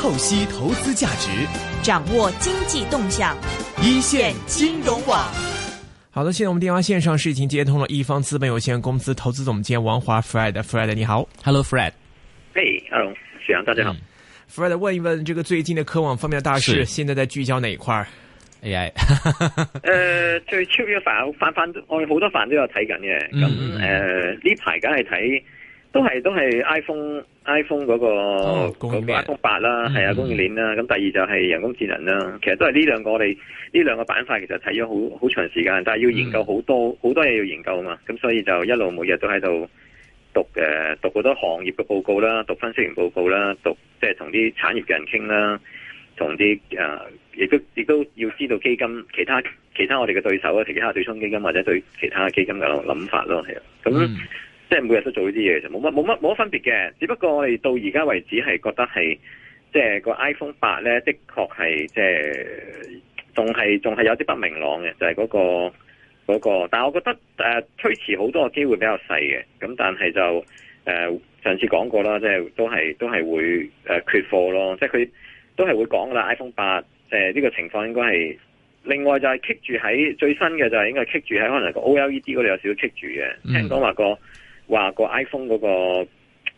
透析投資價值，掌握經濟動向，一線金融網。好的，現在我們電話線上是已經接通了一方資本有限公司投資總監王華，Fred，Fred，Fred, 你好，Hello，Fred。Hey 阿龍，雪洋大家好。Fred，問一問這個最近的科網方面的大事，是現在在聚焦哪一塊？AI。呃，最超約凡，凡凡，我好多凡都有睇緊嘅。咁，誒，呢排梗係睇。都係都係 iPhone，iPhone 嗰、嗰個 iPhone 八啦，係啊，供應鏈啦。咁、嗯、第二就係人工智能啦。其實都係呢兩個我哋呢兩個板塊，其實睇咗好好長時間，但係要研究好多好、嗯、多嘢要研究啊嘛。咁所以就一路每日都喺度讀嘅，讀好多行業嘅報告啦，讀分析員報告啦，讀即係同啲產業嘅人傾啦，同啲誒、亦、啊、都亦都要知道基金其他其他我哋嘅對手啊，其他對沖基金或者對其他基金嘅諗法咯，係啊咁。即係每日都做呢啲嘢就冇乜冇乜冇乜分別嘅，只不過我哋到而家為止係覺得係即係個 iPhone 八咧，的確係即係仲係仲係有啲不明朗嘅，就係嗰個嗰個。但係我覺得誒推遲好多嘅機會比較細嘅，咁但係就誒上次講過啦，即係都係都係會誒缺貨咯，即係佢都係會講噶啦。iPhone 八誒呢個情況應該係另外就係棘住喺最新嘅就係應該棘住喺可能個 OLED 嗰度有少少棘住嘅，嗯、聽講話個。話個 iPhone 嗰、那個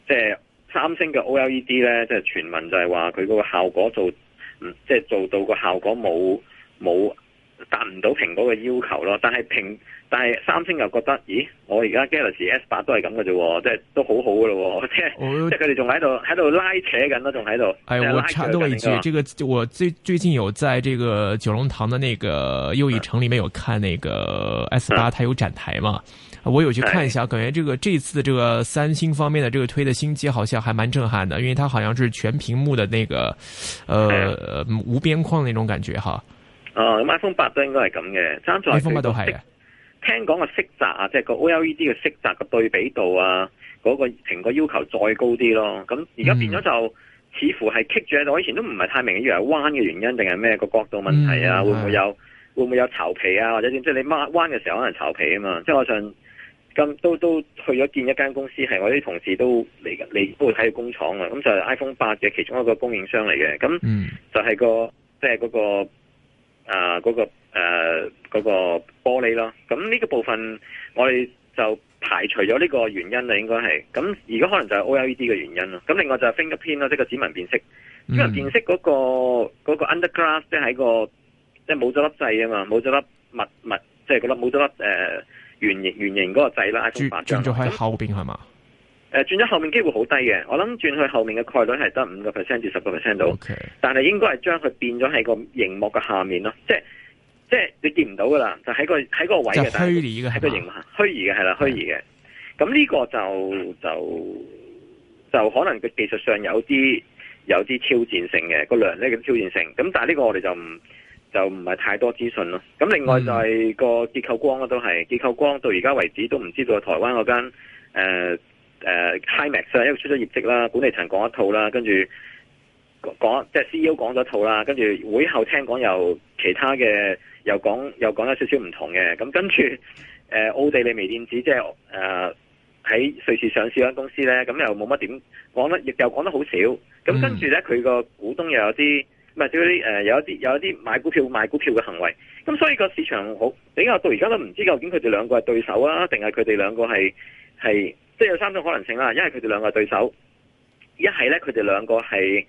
即係、就是、三星嘅 OLED 咧，即係傳聞就係話佢嗰個效果做，即、嗯、係、就是、做到個效果冇冇。達唔到蘋果嘅要求咯，但係蘋但係三星又覺得，咦？我而家 Galaxy S8 都係咁嘅啫，即係都好好嘅咯，哦、即係即係佢哋仲喺度喺度拉扯緊咯、啊，仲喺度。我插多一句，這個我最最近有在這個九龍塘的那個又一城裏面有看那個 S8、嗯， 它有展台嘛？我有去看一下，嗯哎、感覺這個這次這個三星方面的這個推的新機，好像還蠻震撼的，因為它好像是全屏幕的那個，呃，嗯、無邊框那種感覺哈。哦，iPhone 八都應該係咁嘅，iPhone 八都係啊。聽講 個的色澤啊，即係個 OLED 嘅色澤個對比度啊，嗰個蘋果要求再高啲咯。咁而家變咗就似乎係棘住喺度。我以前都唔係太明白，以為彎嘅原因定係咩個角度問題啊？ 會唔會有？會唔會有巢皮啊？或者點？即係你彎彎嘅時候可能巢皮啊嘛。即係我想咁都都去咗見一間公司，係我啲同事都嚟睇喺工廠啊。咁就係 iPhone 八嘅其中一個供應商嚟嘅。咁就係個即係嗰個。 誒、嗰、呃那個誒、嗰、呃那個玻璃咯，咁呢個部分我哋就排除咗呢個原因啦，應該係，咁而家可能就係 O L E D 嘅原因咯，咁另外就係 fingerprint 咯，即係、呃、個指紋辨識，因為辨識嗰個嗰個 under glass 即係個即係冇咗粒掣啊嘛，冇咗粒物物，即係嗰粒冇咗粒誒，圓形圓形嗰個掣啦，轉咗喺後邊係嘛。誒、呃，轉咗後面機會好低嘅，我諗轉去後面嘅概率係得五個 percent 至十個 percent 到，Okay. 但係應該係將佢變咗喺個熒幕嘅下面咯，即係即係你見唔到噶啦，就喺個喺個位嘅，虛擬嘅係嘛，虛擬嘅係啦，虛擬嘅，咁呢個就就就可能個技術上有啲有啲挑戰性嘅，個量咧嘅挑戰性，咁但係呢個我哋就唔就唔係太多資訊咯，咁另外就係個結構光啦，都係結構光到而家為止都唔知道台灣嗰間誒。呃誒 HiMax、uh，因為出咗業績啦，管理層講一套啦，跟住講即係 CEO 講咗一套啦，跟住會後聽講又其他嘅又講又講咗少少唔同嘅，咁跟住誒奧地利微電子即係誒喺瑞士上市嗰間公司咧，咁又冇乜點講得，亦又講得好少，咁跟住咧佢個股東又有啲。唔係，啲、呃、有一啲有一啲買股票買股票嘅行為，咁所以個市場好，比較到而家都唔知究竟佢哋兩個係對手啊，定係佢哋兩個係係即係有三種可能性啦。一係佢哋兩個係對手，一係咧佢哋兩個係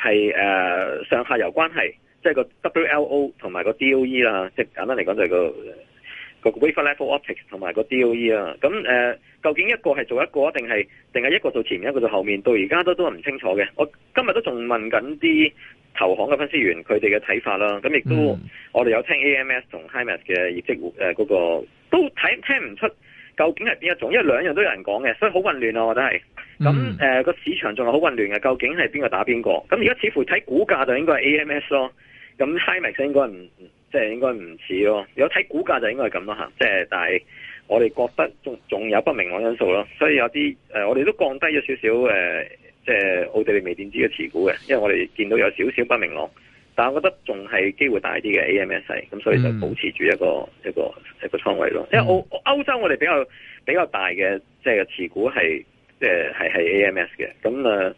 係誒上下游關係，即係個 WLO 同埋個 DOE 啦。即係簡單嚟講就係個個 Wafer Level Optics 同埋個 DOE 啦，咁誒、呃、究竟一個係做一個定係定係一個做前面一個做後面？到而家都都唔清楚嘅。我今日都仲問緊啲。投行嘅分析員佢哋嘅睇法啦，咁亦都、嗯、我哋有聽 AMS 同 HiMax 嘅業績誒，嗰個都睇聽唔出究竟係邊一種，因為兩樣都有人講嘅，所以好混亂啊！我覺得係咁誒個市場仲係好混亂嘅，究竟係邊個打邊個？咁而家似乎睇股價就應該係 AMS 咯，咁 HiMax 應該唔即係應該唔似咯。如果睇股價就應該係咁咯吓，即係但係我哋覺得仲仲有不明朗因素咯，所以有啲誒、呃、我哋都降低咗少少誒。呃即係奧地利微電子嘅持股嘅，因為我哋見到有少少不明朗，但係我覺得仲係機會大啲嘅 AMS，咁所以就保持住一個、嗯、一個一個，一個倉位咯。因為歐洲我哋比較比較大嘅，即係持股係即係係係 AMS 嘅，咁啊，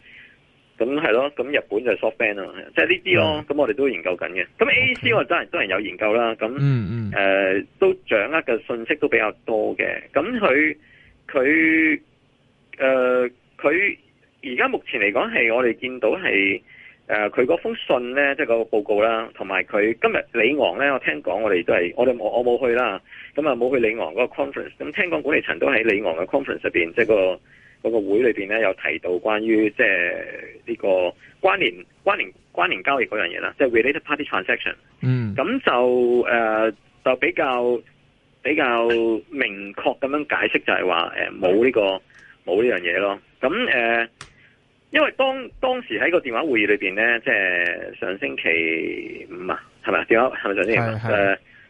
咁係咯，咁日本就 SoftBank 囉，即係呢啲咯，咁、嗯、我哋都研究緊嘅。咁 AAC 我真係都係有研究啦，咁誒、嗯嗯呃、都掌握嘅信息都比較多嘅，咁佢佢誒佢。而家目前嚟講係我哋見到係誒佢嗰封信咧，即係個報告啦，同埋佢今日李昂咧，我聽講我哋都係我哋我我冇去啦，咁啊冇去李昂嗰個 conference。咁聽講管理層都喺李昂嘅 conference 入面，即係個嗰個會裏面咧，有提到關於即係呢個關聯關聯關聯交易嗰樣嘢啦，即係 related party transaction。嗯，咁就誒就比較比較明確咁樣解釋，就係話誒冇呢個。冇呢樣嘢咯，咁誒、呃，因為當當時喺個電話會議裏邊咧，即係上星期五啊，係咪？電話係咪上星期五？誒是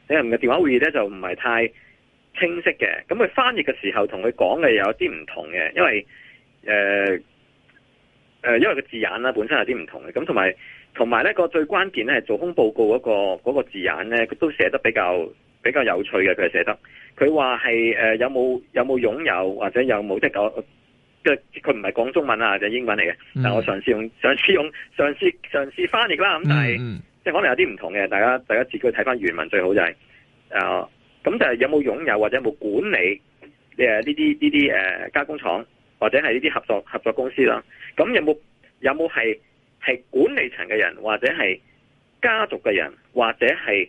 是、呃，你哋嘅電話會議咧就唔係太清晰嘅，咁佢翻譯嘅時候同佢講嘅有啲唔同嘅，因為誒誒、呃呃，因為個字眼本身有啲唔同嘅，咁同埋同埋咧個最關鍵咧係做空報告嗰個嗰個字眼咧，佢都寫得比較。比較有趣嘅佢係寫得，佢話係誒有冇有冇擁有，有，有或者有冇即係我嘅，佢唔係講中文啊，或者是英文嚟嘅，mm hmm，但係我嘗試用嘗試用嘗試嘗試翻譯啦，咁但係即係可能有啲唔同嘅，大家大家自己去睇翻原文最好就係、是、啊，咁、呃、就係有冇擁有、擁有或者有冇管理誒呢啲呢啲誒加工廠或者係呢啲合作合作公司啦，咁有冇有冇係係管理層嘅人或者係家族嘅人或者係？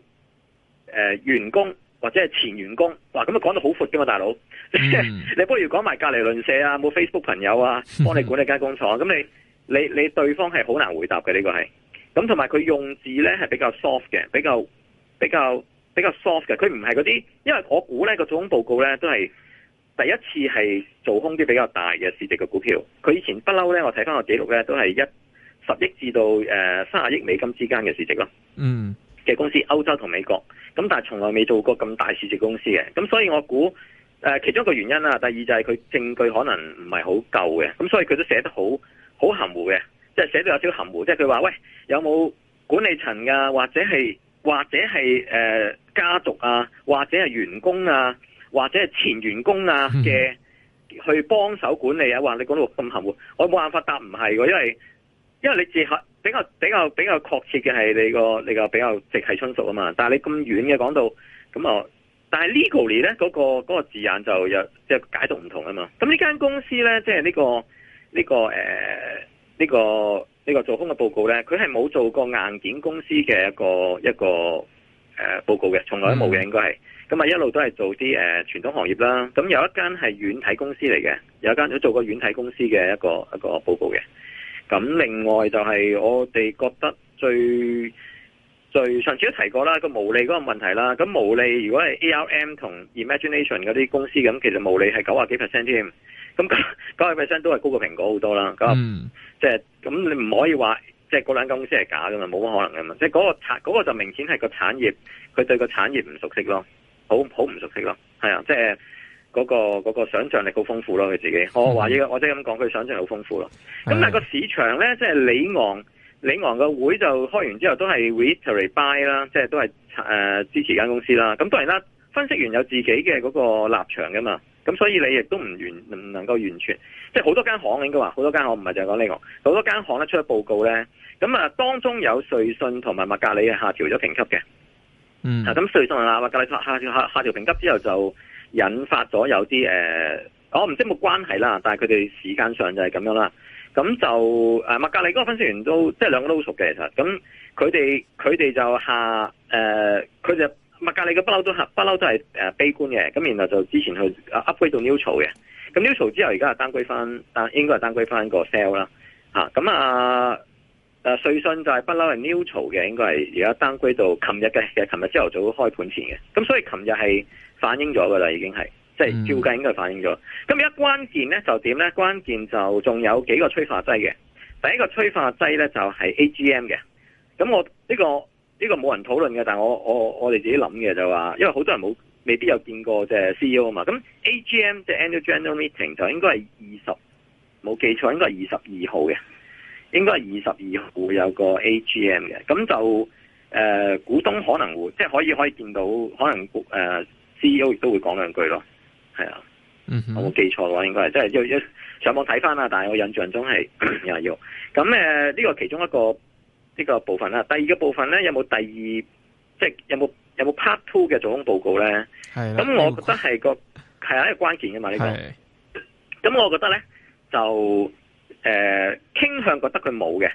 誒、呃，員工或者係前員工，哇！咁啊講到好闊嘅嘛，大佬，mm. 你不如講埋隔離鄰舍啊，冇 Facebook 朋友啊，幫你管理間工廠，咁 你你你對方係好難回答嘅呢、呢個係，咁同埋佢用字咧係比較 soft 嘅，比較比較比較 soft 嘅，佢唔係嗰啲，因為我估咧個做空報告咧都係第一次係做空啲比較大嘅市值嘅股票，佢以前不嬲咧，我睇翻我記錄咧都係一十億至到誒卅、呃、億美金之間嘅市值咯，嗯。Mm. 嘅公司，歐洲同美國，咁但係從來未做過咁大市值公司嘅，咁所以我估誒、呃、其中一個原因啦。第二就係佢證據可能唔係好夠嘅，咁所以佢都寫得好好含糊嘅，即係寫得有少少含糊。即係佢話：喂，有冇管理層啊？或者係或者係誒、呃、家族啊？或者係員工啊？或者係前員工啊嘅去幫手管理啊？話你講到咁含糊，我冇辦法答唔係喎，因為因為你自合。比較比較比較確切嘅係你個你個比較直系親屬啊嘛，但係你咁遠嘅講到咁啊，但係 legally 咧嗰、那個那個字眼就有即係解讀唔同啊嘛。咁呢間公司咧，即係呢、這個呢、這個誒呢、呃這個呢、這個做空嘅報告咧，佢係冇做過硬件公司嘅一個一個誒、呃、報告嘅，從來都冇嘅應該係。咁啊一路都係做啲誒、呃、傳統行業啦。咁有一間係軟體公司嚟嘅，有一間都做過軟體公司嘅一個一個報告嘅。咁另外就係我哋覺得最最上次都提過啦，個毛利嗰個問題啦。咁毛利如果係 ARM 同 Imagination 嗰啲公司咁，其實毛利係九十幾 percent 添。咁九十幾 percent 都係高過蘋果好多啦。咁即係咁你唔可以話即係嗰兩間公司係假㗎嘛？冇乜可能㗎嘛？即係嗰個產嗰個就明顯係個產業佢對個產業唔熟悉咯，好好唔熟悉咯。係啊，即係。嗰、那個、那個想象力好豐富咯，佢自己、嗯、我話依個我即係咁講，佢想象力好豐富咯。咁但係個市場咧，嗯、即係李昂李昂嘅會就開完之後都係 retire buy 啦，即係都係支持間公司啦。咁當然啦，分析員有自己嘅嗰個立場噶嘛，咁所以你亦都唔完唔能夠完全，即係好多間行應該話好多，多間行唔係就係講李昂，好多間行咧出咗報告咧，咁啊當中有瑞信同埋麥格里係下調咗評級嘅，嗯，咁瑞信啊麥格里下下調下、嗯、下調評級之後就。引發咗有啲誒、呃，我唔知有冇關係啦，但係佢哋時間上就係咁樣啦。咁就誒麥格里嗰個分析員都即係兩個都好熟嘅其實，咁佢哋佢哋就下誒，佢、呃、就麥格里嘅不嬲都下不嬲都係悲觀嘅，咁然後就之前去 upgrade 到 neutral 嘅，咁 neutral 之後而家係 down 歸翻，應該係 down 歸翻個 sell 啦嚇。咁啊誒瑞、啊、信就係不嬲係 neutral 嘅，應該係而家 down 歸到琴日嘅琴日朝頭早開盤前嘅，咁所以琴日係。反映咗噶啦，已經係即係照計應該反映咗。咁而家關鍵咧就點咧？關鍵就仲有幾個催化劑嘅。第一個催化劑咧就係 AGM 嘅。咁我呢個呢個冇人討論嘅，但我我我哋自己諗嘅就話，因為好多人冇未必有見過即係 CEO 啊嘛。咁 AGM 即係 Annual General Meeting 就應該係二十，冇記錯應該係二十二號嘅，應該係二十二號有個 AGM 嘅。咁就誒股東可能會即係可以可以見到可能誒。呃 C E O 亦都會講兩句咯，係啊，嗯、哼我冇記錯嘅話，應該係即係要上網睇返啦，但係我印象中係要。咁誒，呢、 呃這個其中一個呢、這個部分啦，第二個部分咧，有冇第二即係有冇有冇 part two 嘅總報告咧？係的。咁我覺得係個係一的、這個關鍵嘅嘛呢個。咁的我覺得咧就誒傾、呃、向覺得佢冇嘅，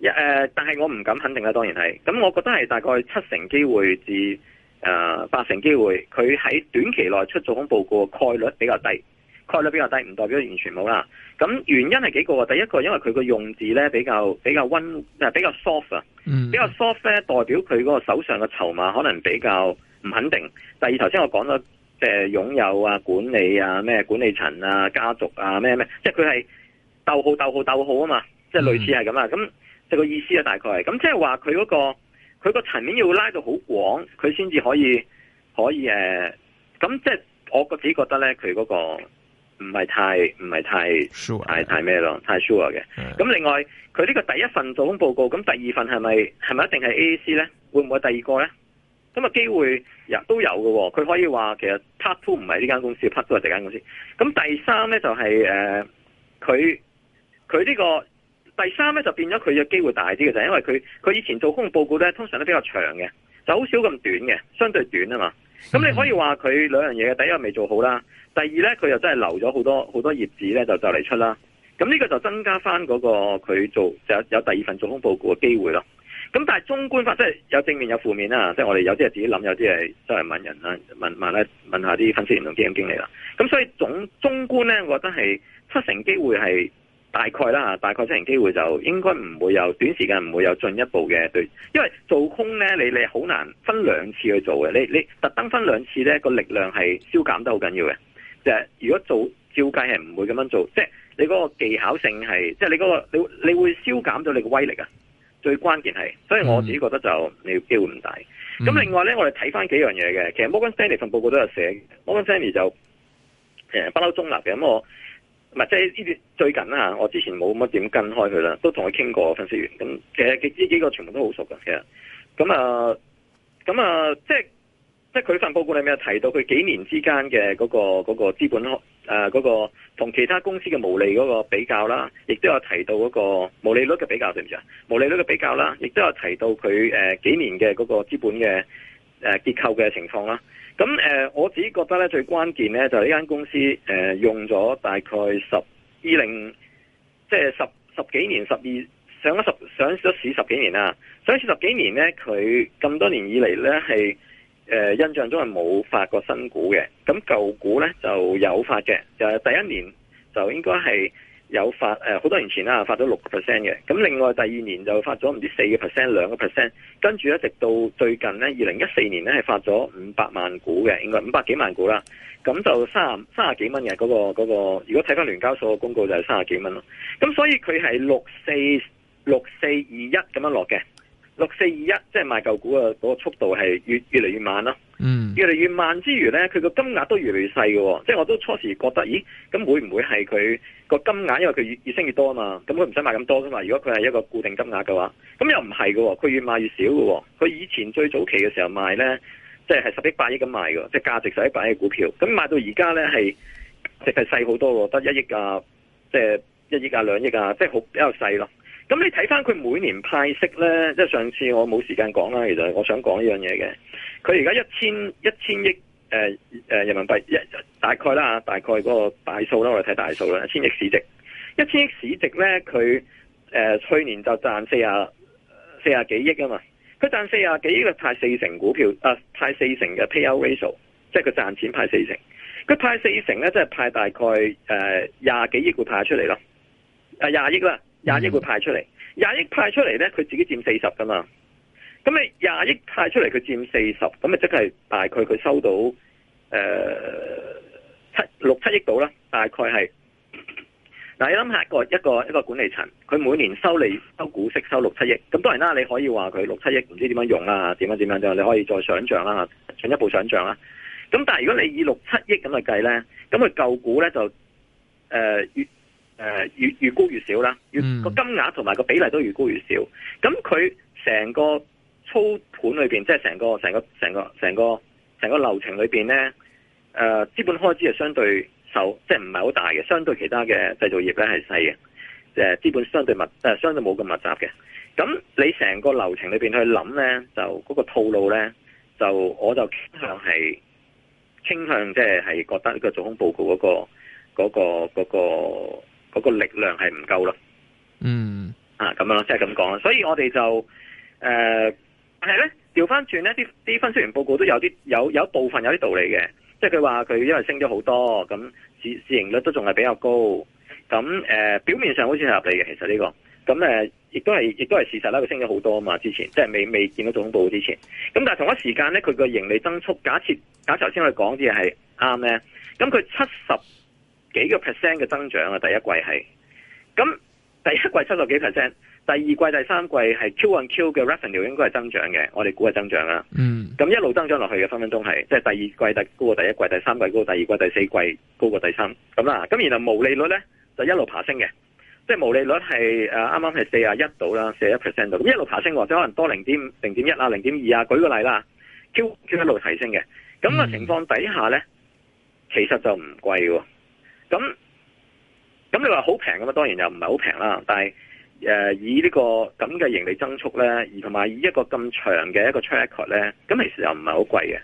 誒、呃，但係我唔敢肯定啦，當然係。咁我覺得係大概七成機會至。誒，八成、呃、機會，佢喺短期內出做空報告概率比較低，概率比較低唔代表完全冇啦。咁原因係幾個啊？第一個因為佢個用字咧比較比較温，比較 soft 啊，比較 soft 咧、嗯、代表佢嗰個手上嘅籌碼可能比較唔肯定。第二頭先我講咗，即、呃、係擁有啊、管理啊、咩管理層啊、家族啊、咩咩，即係佢係逗號、逗號、逗號啊嘛，即係類似係咁啊。咁就、嗯、那個意思啊，大概係。咁即係話佢嗰個。佢個層面要拉到好廣，佢先至可以可以誒，咁、呃、即係我自己覺得咧，佢嗰個唔係太唔係太 Sure. 太咩咯，太 sure 嘅。咁 Yeah. 另外佢呢個第一份做空報告，咁第二份係咪係咪一定係 A A C 咧？會唔會係第二個咧？咁、那、啊、個、機會也都有嘅喎，佢可以話其實 part two 唔係呢間公司 part two 係第間公司。咁 Yeah. 第三咧就係、是、誒，佢佢呢個。第三咧就變咗佢嘅機會大啲嘅就係因為佢佢以前做空報告咧通常都比較長嘅，就好少咁短嘅，相對短啊嘛。咁你可以話佢兩樣嘢嘅，第一個未做好啦，第二咧佢又真係留咗好多好多頁紙咧就就嚟出啦。咁呢個就增加翻嗰個佢做就有有第二份做空報告嘅機會咯。咁但係中觀法即係有正面有負面啦，即係我哋有啲係自己諗，有啲係周圍問人啦問問咧問下啲分析員同基金經理啦。咁所以總中觀咧，我覺得係七成機會係。大概啦，大概出現機會就應該唔會有短時間，唔會有進一步嘅。對，因為做空咧你你好難分兩次去做嘅，你你特登分兩次咧個力量係消減得好緊要嘅，就係如果做照計係唔會咁樣做，即係你嗰個技巧性係，即係你嗰、嗰個你你會消減咗你嘅威力啊，最關鍵係，所以我自己覺得就你機會唔大。咁、嗯、另外咧，我哋睇翻幾樣嘢嘅，其實 Morgan Stanley 份報告都有寫，Morgan Stanley 就不嬲、欸、中立嘅咁我。唔係，即係呢啲最近啊，我之前冇乜點跟開佢啦，都同佢傾過分析員。咁其實呢幾個全部都好熟嘅，其實。咁、嗯、啊，咁、嗯、啊、嗯嗯，即係即係佢份報告裏面有提到佢幾年之間嘅嗰、那個嗰、那個、資本誒嗰、呃、那個、同其他公司嘅毛利嗰個比較啦，亦都有提到嗰、那個毛利率嘅比較，對唔對啊？毛利率嘅比較啦，亦都有提到佢誒、呃、幾年嘅嗰個資本嘅誒、呃、結構嘅情況啦。咁誒、呃，我自己覺得咧，最關鍵咧就係呢間公司誒、呃、用咗大概十二零，即、就、係、是、十十幾年十二上咗十上咗市十幾年啦，上市十幾年咧，佢咁多年以嚟咧係誒印象中係冇發過新股嘅，咁舊股咧就有發嘅，就係、是、第一年就應該係。有發誒好、呃、多年前啦，發咗六個 percent 嘅，咁另外第二年就發咗唔知四個 percent、兩個 percent，跟住一直到最近呢，二零一四年呢，係發咗五百萬股嘅，應該五百幾萬股啦，咁就三三十幾蚊嘅嗰個、嗰個、如果睇翻聯交所嘅公告就係三十幾蚊咯，咁所以佢係六四六四二一咁樣落嘅。六四二一，即係賣舊股嘅嗰個速度係越越嚟越慢咯。嗯，越嚟越慢之餘咧，佢個金額都越嚟越細㗎喎。即係我都初時覺得，咦，咁會唔會係佢個金額？因為佢越越升越多啊嘛。咁佢唔使賣咁多噶嘛。如果佢係一個固定金額嘅話，咁又唔係嘅。佢越賣越少㗎喎。佢以前最早期嘅時候賣咧、就是，即係係十億、八億咁賣嘅，即係價值十億、八億嘅股票。咁賣到而家咧係，值係細好多，得一億啊，即係一億啊、兩億啊，即係好比較細咯。咁你睇翻佢每年派息呢，即係上次我冇時間講啦。其實我想講呢樣嘢嘅，佢而家一千一千億誒、呃呃、人民幣，一、呃、大概啦大概嗰個大數啦，我哋睇大數啦，一千億市值，一千億市值呢，佢、呃、去年就賺四十四十幾億啊嘛，佢賺四十幾億就派四成股票，啊、呃、派四成嘅 payout ratio，即係佢賺錢派四成，佢派四成呢，即、就、係、是、派大概誒廿、呃、幾億會派出嚟咯，廿億啦。廿億會派出嚟，廿億派出嚟呢，佢自己佔四十噶嘛？咁你廿億派出嚟，佢佔四十，咁咪即係大概佢收到誒七六七億度啦？大概係嗱，你諗下個一個一個,一個管理層，佢每年收你收股息收六七億，咁當然啦，你可以話佢六七億唔知點樣用啦、啊，點樣點樣你可以再想象啦、啊，進一步想象啦、啊。咁但係如果你以六七億咁去計呢，咁佢舊股呢就誒、呃誒、呃，越越高越少啦，越個、嗯、金額同埋個比例都越高越少。咁佢成個操盤裏邊，即係成個成個成個成個成個流程裏邊呢，誒、呃，資本開支係相對受，即係唔係好大嘅，相對其他嘅製造業呢係細嘅，誒，資本相對密，誒，相對冇咁密集嘅。咁你成個流程裏邊去諗呢，就嗰個套路呢，就我就傾向係傾向即係係覺得呢個做空報告嗰個嗰個嗰個。嗰個嗰個嗰個力量係唔夠咯，嗯，啊，咁樣咯，即係咁講啦。所以我哋就誒、呃，但係咧，調翻轉咧，啲啲分析員報告都有啲有有部分有啲道理嘅，即係佢話佢因為升咗好多，咁市市盈率都仲係比較高，咁誒、呃，表面上好似係合理嘅，其實呢、這個，咁誒，亦、呃、都係亦都係事實啦，佢升咗好多啊嘛，之前，即係未未見到總報之前，咁但係同一時間咧，佢個盈利增速，假設假設頭先我哋講啲嘢係啱咧，咁佢七十。幾個 percent 嘅增長啊！第一季係咁，第一季七十幾 percent，第二季、第三季係 Q on Q 嘅 Revenue 應該係增長嘅，我哋估係增長啦。嗯，咁一路增長落去嘅分分鐘係即係第二季第高過第一季，第三季高過第,第二季，第四季,第四季高過第三咁啦。咁然後毛利率咧就一路爬升嘅，即係毛利率係誒啱啱係四十一度啦，四十一 percent 度咁一路爬升，或者可能多零點零點一啊，零點二啊。舉個例啦，Q Q 一路提升嘅咁嘅情況底下咧，其實就唔貴。咁咁你話好平咁嘛，當然又唔係好平啦，但係誒、呃、以呢、這個咁嘅盈利增速咧，而同埋以一個咁長嘅一個 track record 咧，咁其實又唔係好貴嘅。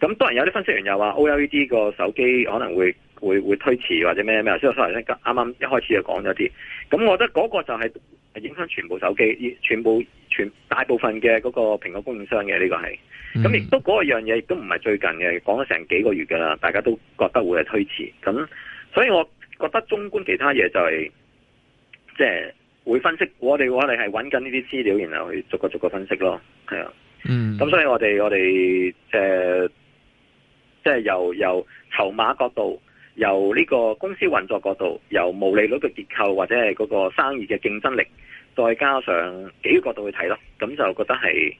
咁當然有啲分析員又話 OLED 個手機可能會會會推遲或者咩咩，所以我先啱啱一開始就講咗啲。咁我覺得嗰個就係影響全部手機，全部全大部分嘅嗰個蘋果供應商嘅呢、這個係。咁亦都嗰個樣嘢亦都唔係最近嘅，講咗成幾個月噶啦，大家都覺得會係推遲咁。所以我覺得中觀其他嘢就係，即係會分析。我哋話你係揾緊呢啲資料，然後去逐個逐個分析咯。係啊，嗯。咁所以我哋我哋誒，即係由由籌碼角度，由呢個公司運作角度，由毛利率嘅結構或者係嗰個生意嘅競爭力，再加上幾個角度去睇咯。咁就覺得係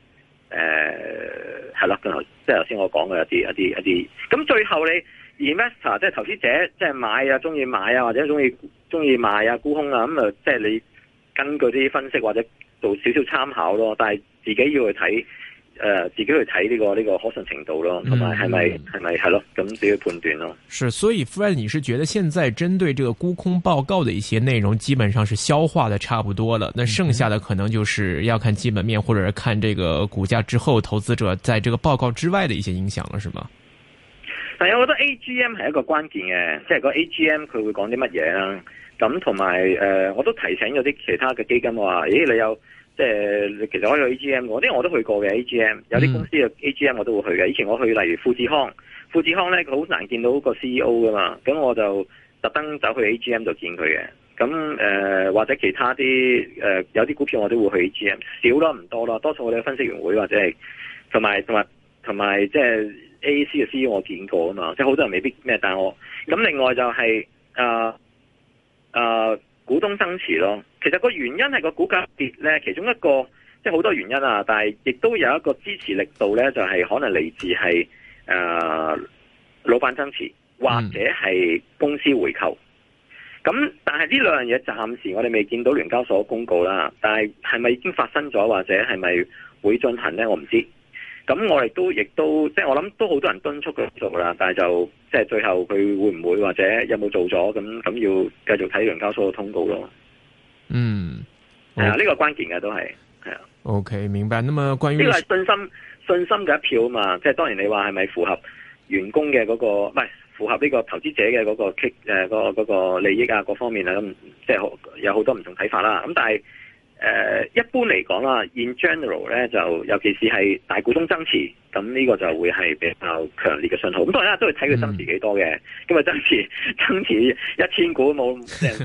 誒係啦，即係頭先我講嘅一啲一啲一啲。咁最後你。Investor 即係投資者，即係買啊，中意買啊，或者中意中意買啊，沽空啊，咁、嗯、啊，即係你根據啲分析或者做少少參考咯，但係自己要去睇，誒、呃，自己去睇呢、這個呢、這個可信程度咯，同埋係咪係咪係咯，咁自己判斷咯。是，所以 Fred 你是覺得現在針對這個沽空報告的一些內容，基本上是消化得差不多了，那剩下的可能就是要看基本面，或者看這個股價之後投資者在這個報告之外的一些影響了，是嗎？但係，我覺得 A G M 係一個關鍵嘅，即係個 A G M 佢會講啲乜嘢啦。咁同埋、呃、我都提醒咗啲其他嘅基金話，咦、欸，你有即係其實去我有 A G M，我啲我都去過嘅 A G M，有啲公司嘅 A G M 我都會去嘅。以前我去，例如富士康，富士康咧，佢好難見到個 C E O 噶嘛，咁我就特登走去 A G M 度見佢嘅。咁、呃、或者其他啲、呃、有啲股票我都會去 A G M，少咯，唔多咯，多數我哋分析員會或者係同埋同埋同埋即 AAC 嘅 CEO 我見過啊嘛，即係好多人未必咩，但我咁另外就係啊啊股東增持咯。其實個原因係個股價跌咧，其中一個即係好多原因啊。但係亦都有一個支持力度咧，就係、是、可能嚟自係啊、呃、老闆增持或者係公司回購。咁、嗯、但係呢兩樣嘢暫時我哋未見到聯交所公告啦。但係係咪已經發生咗，或者係咪會進行咧？我唔知。咁我哋都亦都即係我諗都好多人敦促佢做啦，但係就即係最後佢會唔會或者有冇做咗？咁咁要繼續睇聯交所嘅通告咯。嗯，係啊，呢、哦、個關鍵嘅都係係啊。OK，的明白。啊嘛，關於呢個係信心信心嘅一票啊嘛，即係當然你話係咪符合員工嘅嗰、那個唔係符合呢個投資者嘅嗰、那個誒嗰、呃那個嗰、那個利益啊各、那個、方面啊咁、嗯，即係有好多唔同睇法啦。咁、嗯、但係誒、呃、一般嚟講啦，in general 咧就尤其是係大股東增持，咁呢個就會係比較強烈嘅信號。咁當然啦，都要睇佢增持幾多嘅。咁啊、嗯、增持，增持一千股冇，即係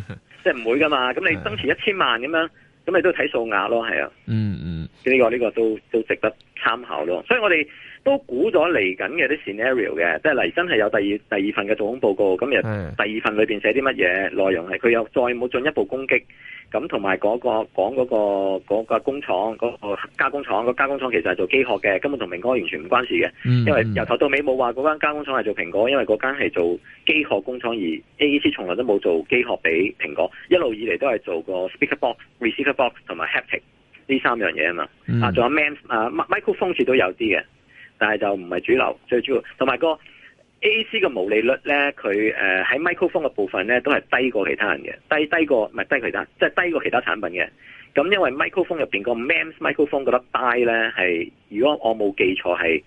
即係唔會噶嘛。咁你增持一千萬咁 樣，咁你都睇數額咯，係啊。嗯嗯、這個，呢個呢個都都值得參考咯。所以我哋都估咗嚟緊嘅啲 scenario 嘅，即係嚟真係有第二第二份嘅做空報告。咁第二份裏面寫啲乜嘢內容係佢又再冇進一步攻擊。咁同埋嗰個講嗰、嗰個嗰、嗰個工廠嗰、嗰個加工廠，嗰個加工廠其實係做機殼嘅，根本同蘋果完全唔關事嘅。因為由頭到尾冇話嗰間加工廠係做蘋果，因為嗰間係做機殼工廠，而 AAC 從來都冇做機殼俾蘋果，一路以嚟都係做個 speaker box、receiver box 同埋 haptic 呢三樣嘢啊嘛。嗯、啊，仲有 man f，啊，microphone 都有啲嘅，但係就唔係主流，最主要同埋、嗰個。AAC 嘅毛利率咧，佢誒喺、呃、microphone 嘅部分咧，都係低過其他人嘅，低低過唔係低其他，即、就、係、是、低過其他產品嘅。咁因為 microphone 入邊個 MEMS microphone 嗰粒 die 咧，係如果我冇記錯係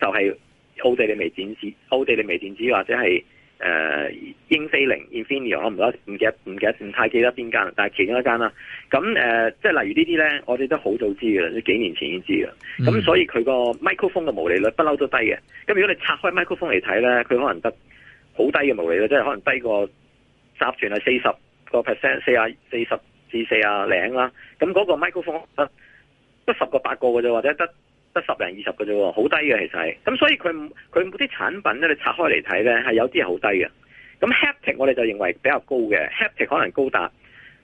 就係、是、奧地利微電子、奧地利微電子或者係。誒英菲零 Infineon 我唔得唔記得唔記得唔太記得邊間，但係其中一間啦。咁誒、uh, so, uh, like, like, so, so, so,，即係例如呢啲咧，我哋都好早知嘅，幾年前已經知啦。咁所以佢個 microphone 嘅毛利率不嬲都低嘅。咁如果你拆開 microphone 嚟睇咧，佢可能得好低嘅毛利率，即係可能低過集團係四十個 percent，四啊四十至四啊零啦。咁嗰個 microphone 得得十個八個嘅啫，或者得。得十零二十嘅啫，好低嘅其實係，咁所以佢佢冇啲產品咧，你拆開嚟睇咧，係有啲係好低嘅。咁 Haptic 我哋就認為比較高嘅，Haptic 可能高達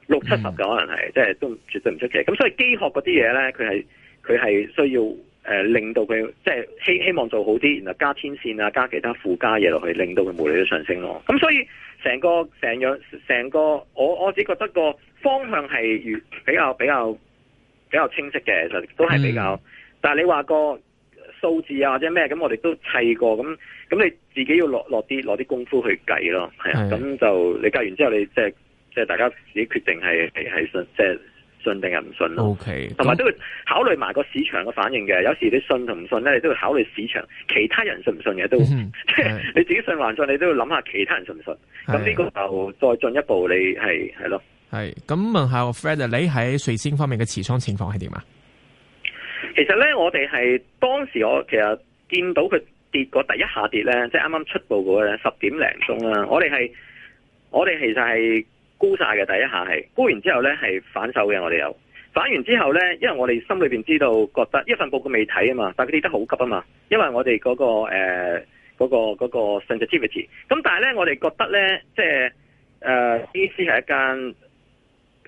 六七十嘅，可能係、嗯、即係都絕對唔出奇。咁所以機殼嗰啲嘢咧，佢係佢係需要、呃、令到佢即係希希望做好啲，然後加天線啊，加其他附加嘢落去，令到佢毛利都上升咯、啊。咁所以成個成樣成個，我我自己覺得個方向係越比較比較比較清晰嘅，其實都係比較。嗯。但係你話個數字啊或者咩咁，我哋都砌過咁咁，你自己要落落啲，攞啲功夫去計咯，係啊的，咁的就你計完之後，你即係即係大家自己決定係係信即係信定係唔信咯。O K，同埋都會考慮埋個市場嘅反應嘅，有時你信同唔信咧，你都會考慮市場其他人信唔信嘅都會，即係、嗯、 你自己信還信，你都要諗下其他人信唔信。咁呢個就再進一步，你係係咯。係，咁問下 f r e d d 你喺瑞星方面嘅持倉情況係點啊？其實咧，我哋係當時我其實見到佢跌過第一下跌咧，即係啱啱出報告咧十點零鐘啦。我哋係我哋其實係沽晒嘅，第一下係沽完之後咧係反手嘅，我哋又反完之後咧，因為我哋心裏邊知道覺得一份報告未睇啊嘛，但係佢跌得好急啊嘛，因為我哋嗰、那個誒嗰、呃那個嗰、那個 sensitivity。咁、那個、但係咧，我哋覺得咧，即係誒，公司係一間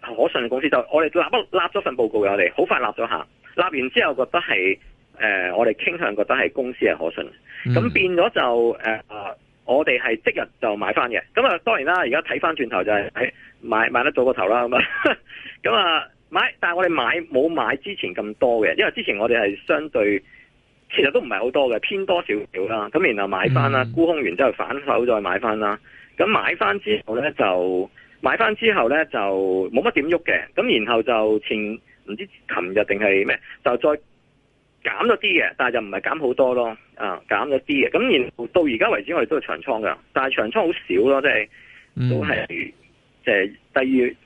可信嘅公司，就是、我哋立不立咗份報告嘅，我哋好快立咗下。立完之後覺得係誒、呃，我哋傾向覺得係公司係可信，咁、嗯、變咗就誒啊、呃！我哋係即日就買翻嘅，咁啊當然啦，而家睇翻轉頭就係、是、喺、哎、買買得早過頭啦咁啊，咁啊、嗯、買，但係我哋買冇買之前咁多嘅，因為之前我哋係相對其實都唔係好多嘅，偏多少少啦。咁然後買翻啦，沽空完之後反手再買翻啦。咁買翻之後咧就買翻之後咧就冇乜點喐嘅，咁然後就前。唔知琴日定係咩，就再減咗啲嘅，但係就唔係減好多咯，啊減咗啲嘅，咁然後到而家為止我哋都係長倉噶，但係長倉好少咯，即係都係即係低於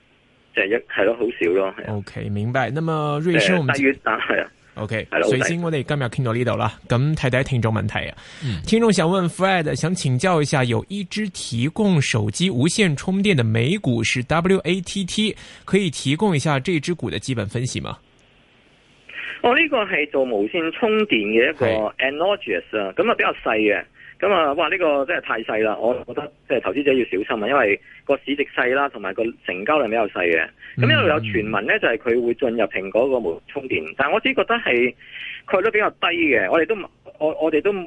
即係一係咯，好、嗯呃、少咯。O、okay, K 明白。那麼瑞聲，我哋低於但係。OK，弟隨興我哋今日傾到呢度啦，咁睇睇聽眾問題啊。嗯、聽眾想問 Fred，想請教一下，有一支提供手機無線充電嘅美股是 WATT，可以提供一下這支股嘅基本分析嗎？我呢、哦這個係做無線充電嘅一個 Analogous 啊，咁啊是、嗯、比較細嘅，咁、嗯、啊，哇呢、這個真係太細啦，我我覺得即係投資者要小心啊，因為。個市值細啦，同埋個成交量比較細嘅。咁一度有傳聞咧，就係佢會進入蘋果個無充電，但係我只覺得係概率比較低嘅。我哋都我我哋都誒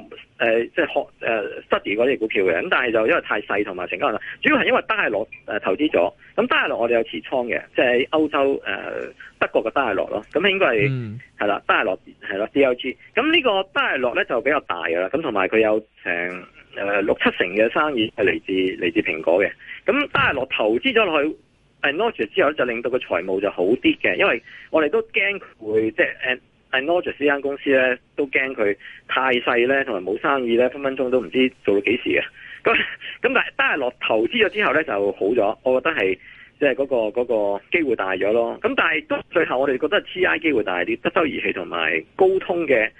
即係學誒 study 嗰啲股票嘅。咁但係就因為太細同埋成交量，主要係因為戴爾落誒投資咗。咁戴爾落我哋有持倉嘅，即、就、係、是、歐洲誒、呃、德國嘅戴爾落咯。咁應該係係啦，戴爾落係咯 D O G。咁呢個戴爾落咧就比較大嘅啦。咁同埋佢有，有、呃、6，成誒六七成嘅生意係嚟自嚟自蘋果嘅。咁戴德落投資咗落去 Innoz 之後就令到個財務就好啲嘅，因為我哋都驚佢即係 Innoz 呢間公司咧，都驚佢太細咧，同埋冇生意咧，分分鐘都唔知做到幾時嘅。咁咁但係戴德落投資咗之後咧就好咗，我覺得係即係嗰個嗰個機會大咗咯。咁但係都最後我哋覺得係 TI 機會大啲，德州儀器同埋高通嘅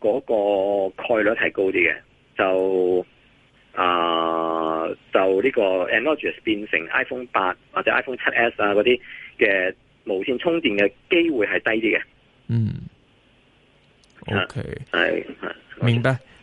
嗰個概率係高啲嘅就。.啊！就呢個 Android 變成 iPhone 八或者 iPhone 七 S 啊，嗰啲嘅無線充電嘅機會係低啲嘅。嗯。Okay。係。明白。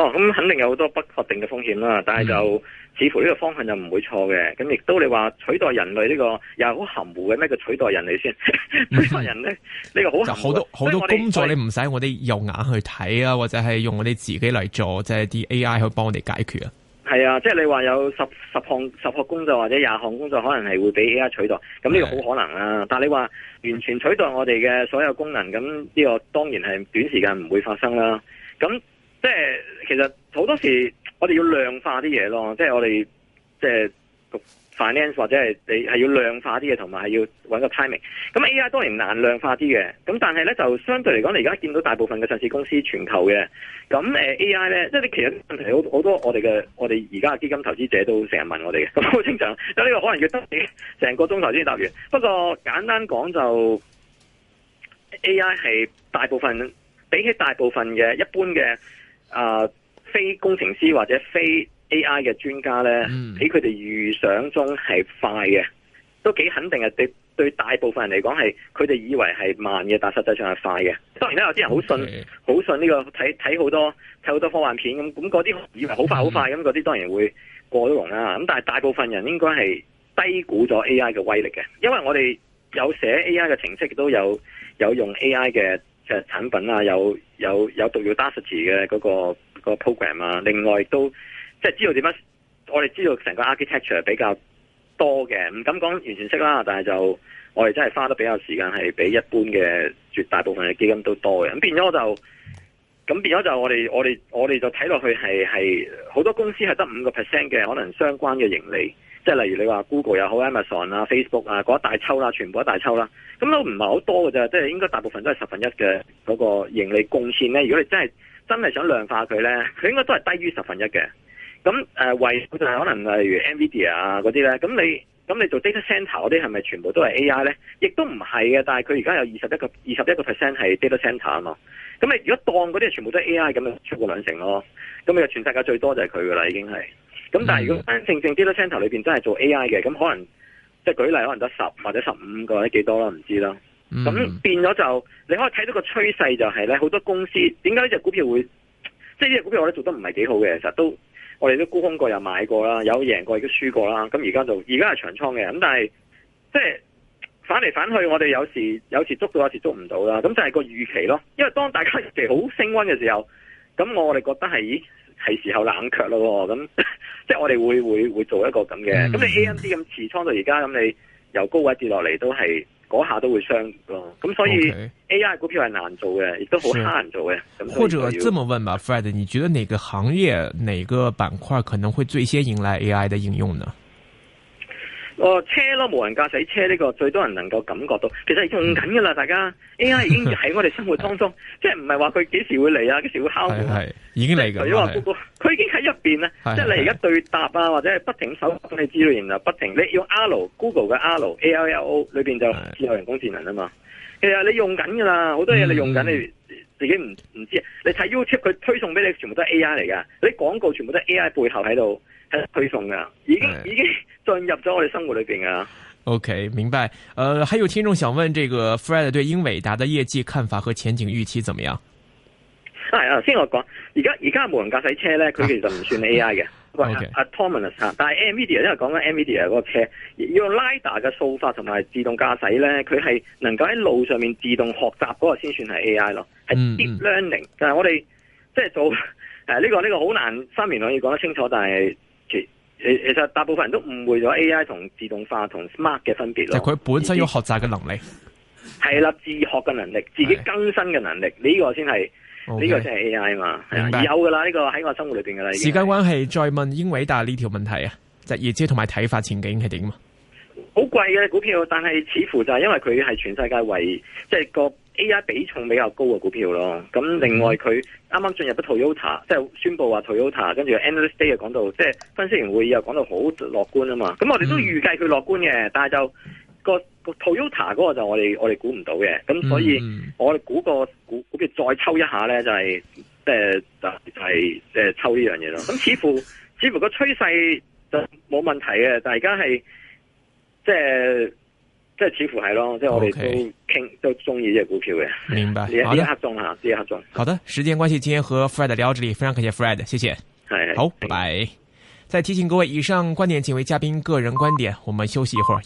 哦，咁肯定有好多不確定嘅風險啦，但係就似乎呢個方向就唔會錯嘅。咁亦、嗯、都你話取代人類呢個又好含糊嘅，咩叫取代人類先？嗯、取代人咧？呢、這個好含糊。好多好多工作你唔使我哋右眼去睇啊，就是、或者係用我哋自己嚟做，即係啲 A I 去幫我哋解決啊。係啊，即、就、係、是、你話有十十項十項工作或者廿項工作可能係會俾 A I 取代，咁呢個好可能啊。是但係你話完全取代我哋嘅所有功能，咁呢個當然係短時間唔會發生啦。咁即係。就是其實好多時我哋要量化啲嘢咯，即係我哋即係 finance 或者係你係要量化啲嘢，同埋係要搵個 timing。咁 AI 當然難量化啲嘅，咁但係咧就相對嚟講，你而家見到大部分嘅上市公司全球嘅，咁誒、呃、AI 咧，即係你其實問題好好多我，我哋嘅我哋而家嘅基金投資者都成日問我哋嘅，咁好正常。有呢個可能要得你成個鐘頭先答完。不過簡單講就 AI 係大部分比起大部分嘅一般嘅非工程師或者非 AI 嘅專家呢，喺佢哋預想中係快嘅，都幾肯定係對對大部分人嚟講係，佢哋以為係慢嘅，但實際上係快嘅。當然咧，有啲人好信好 Okay. 信呢、這個睇睇好多睇好多科幻片咁，咁嗰啲以為好快好快咁，嗰啲當然會過咗龍啦。咁、嗯、但係大部分人應該係低估咗 AI 嘅威力嘅，因為我哋有寫 AI 嘅程式，都有有用 AI 嘅嘅產品啊，有有有讀到大數據嘅嗰個。那個 program 啊，另外都即係知道點樣，我哋知道成個 architecture 比較多嘅，唔敢講完全識啦，但係就我哋真係花得比較時間係比一般嘅絕大部分嘅基金都多嘅。咁變咗就，咁變咗就我哋我哋我哋就睇落去係係好多公司係得五個 percent 嘅可能相關嘅盈利，即係例如你話 Google 又好 Amazon 啊、Facebook 啊嗰一大抽啦，全部一大抽啦啊，咁都唔係好多嘅啫，即係應該大部分都係十分一嘅嗰個盈利貢獻咧。如果你真係。真係想量化佢咧，佢應該都係低於十分一嘅。咁誒、呃、為佢就係可能例如 NVIDIA 啊嗰啲咧，咁你咁你做 data centre 嗰啲係咪全部都係 AI 咧？亦都唔係嘅，但係佢而家有二十一個二十一個 percent 係 data centre 啊嘛。咁你如果當嗰啲全部都係 AI 咁，就出過兩成咯。咁就全世界最多就係佢噶啦，已經係。咁但係如果真正正 data centre 裏面真係做 AI 嘅，咁可能即係舉例，可能得十或者十五個或者幾多啦，唔知啦。咁變咗就你可以睇到個趨勢就係咧，好多公司點解呢隻股票會，即係呢隻股票我哋做得唔係幾好嘅，其實都我哋都沽空過又買過啦，有贏過亦都輸過啦。咁而家就而家係長倉嘅，咁但係即係反嚟反去，我哋有時有時捉到，有時捉唔到啦。咁就係個預期咯。因為當大家預期好升温嘅時候，咁我哋覺得係咦係時候冷卻咯咁，即係我哋會會會做一個咁嘅。咁、嗯、你 AMD 咁持倉到而家，咁你由高位跌落嚟都係。嗰下都會傷咯，咁所以 A.I. 股票係難做嘅，亦 Okay. 都好難做嘅。是或者，這麼問吧，Fred，你覺得哪個行業、哪個板塊可能會最先迎來 A.I. 的應用呢？哦，車咯，無人駕駛車呢個最多人能夠感覺到，其實係用緊噶啦，大家 A I 已經喺我哋生活當中， 即係唔係話佢幾時會嚟啊？幾時會敲盤啊？ Google, 已經嚟噶，因 Google 佢已經喺入邊啦，即係你而家對答啊， 或者係不停收集你資料人，然後不停，你用 R, R, a l o Google 嘅 Allo A L L O 裏邊就自有人工智能啊嘛，其實你用緊噶啦，好多嘢你用緊， 你自己唔唔知，你睇 YouTube 佢推送俾你，全部都係 A I 嚟噶，啲廣告全部都係 A I 背後喺度。係推送嘅，已經對已經進入咗我哋生活裏邊啊。OK，明白。誒、呃，還有聽眾想問，這個 Fred 對英偉達的業績看法和前景預期怎麼樣？啊，啊，先我講，而家而家無人駕駛車呢，佢其實唔算 A I 嘅 autonomous 但係 Nvidia 因為講緊 Nvidia 嗰個車用 Lidar 嘅算法同埋自動駕駛呢，佢係能夠喺路上面自動學習，嗰個先算係 A I 咯，係 deep learning、嗯。但係我哋即係做誒呢、啊這個呢、這個好難三言兩語講得清楚，但係。其其實大部分人都誤會咗 AI 同自動化同 Smart 嘅分別咯，就佢本身要學習嘅能力，係啦， 自學嘅能力，自己更新嘅能力，呢的個先係呢個先係 AI 嘛，白有噶啦，呢、這個喺我生活裏邊噶啦。時間關係，再問英偉達呢條問題啊，就意思同埋睇法前景係點嘛？好貴嘅股票，但係似乎就係因為佢係全世界為即係個。就是 A. I. 比重比較高嘅股票咯，咁另外佢啱啱進入咗 Toyota，即係宣布話 Toyota，跟住 Analyst Day 又講到，即係分析員會議又講到好樂觀啊嘛，咁我哋都預計佢樂觀嘅，但係就個 Toyota 嗰個就我哋我哋估唔到嘅。咁所以我哋估個估估，票再抽一下咧，就係即係就係即係抽呢樣嘢咯。咁似乎似乎個趨勢就冇問題嘅，但係而家係即係。就是即係似乎係咯，即係我哋都傾 Okay. 都中意呢隻股票嘅。明白，呢呢一刻吓，呢一刻鐘。好的，好的，時間關係，今天和 Fred 聊到這裏，非常感謝 Fred，謝謝。係嘿，好，嘿拜拜。再提醒各位，以上觀點僅為嘉賓個人觀點。我們休息一會兒。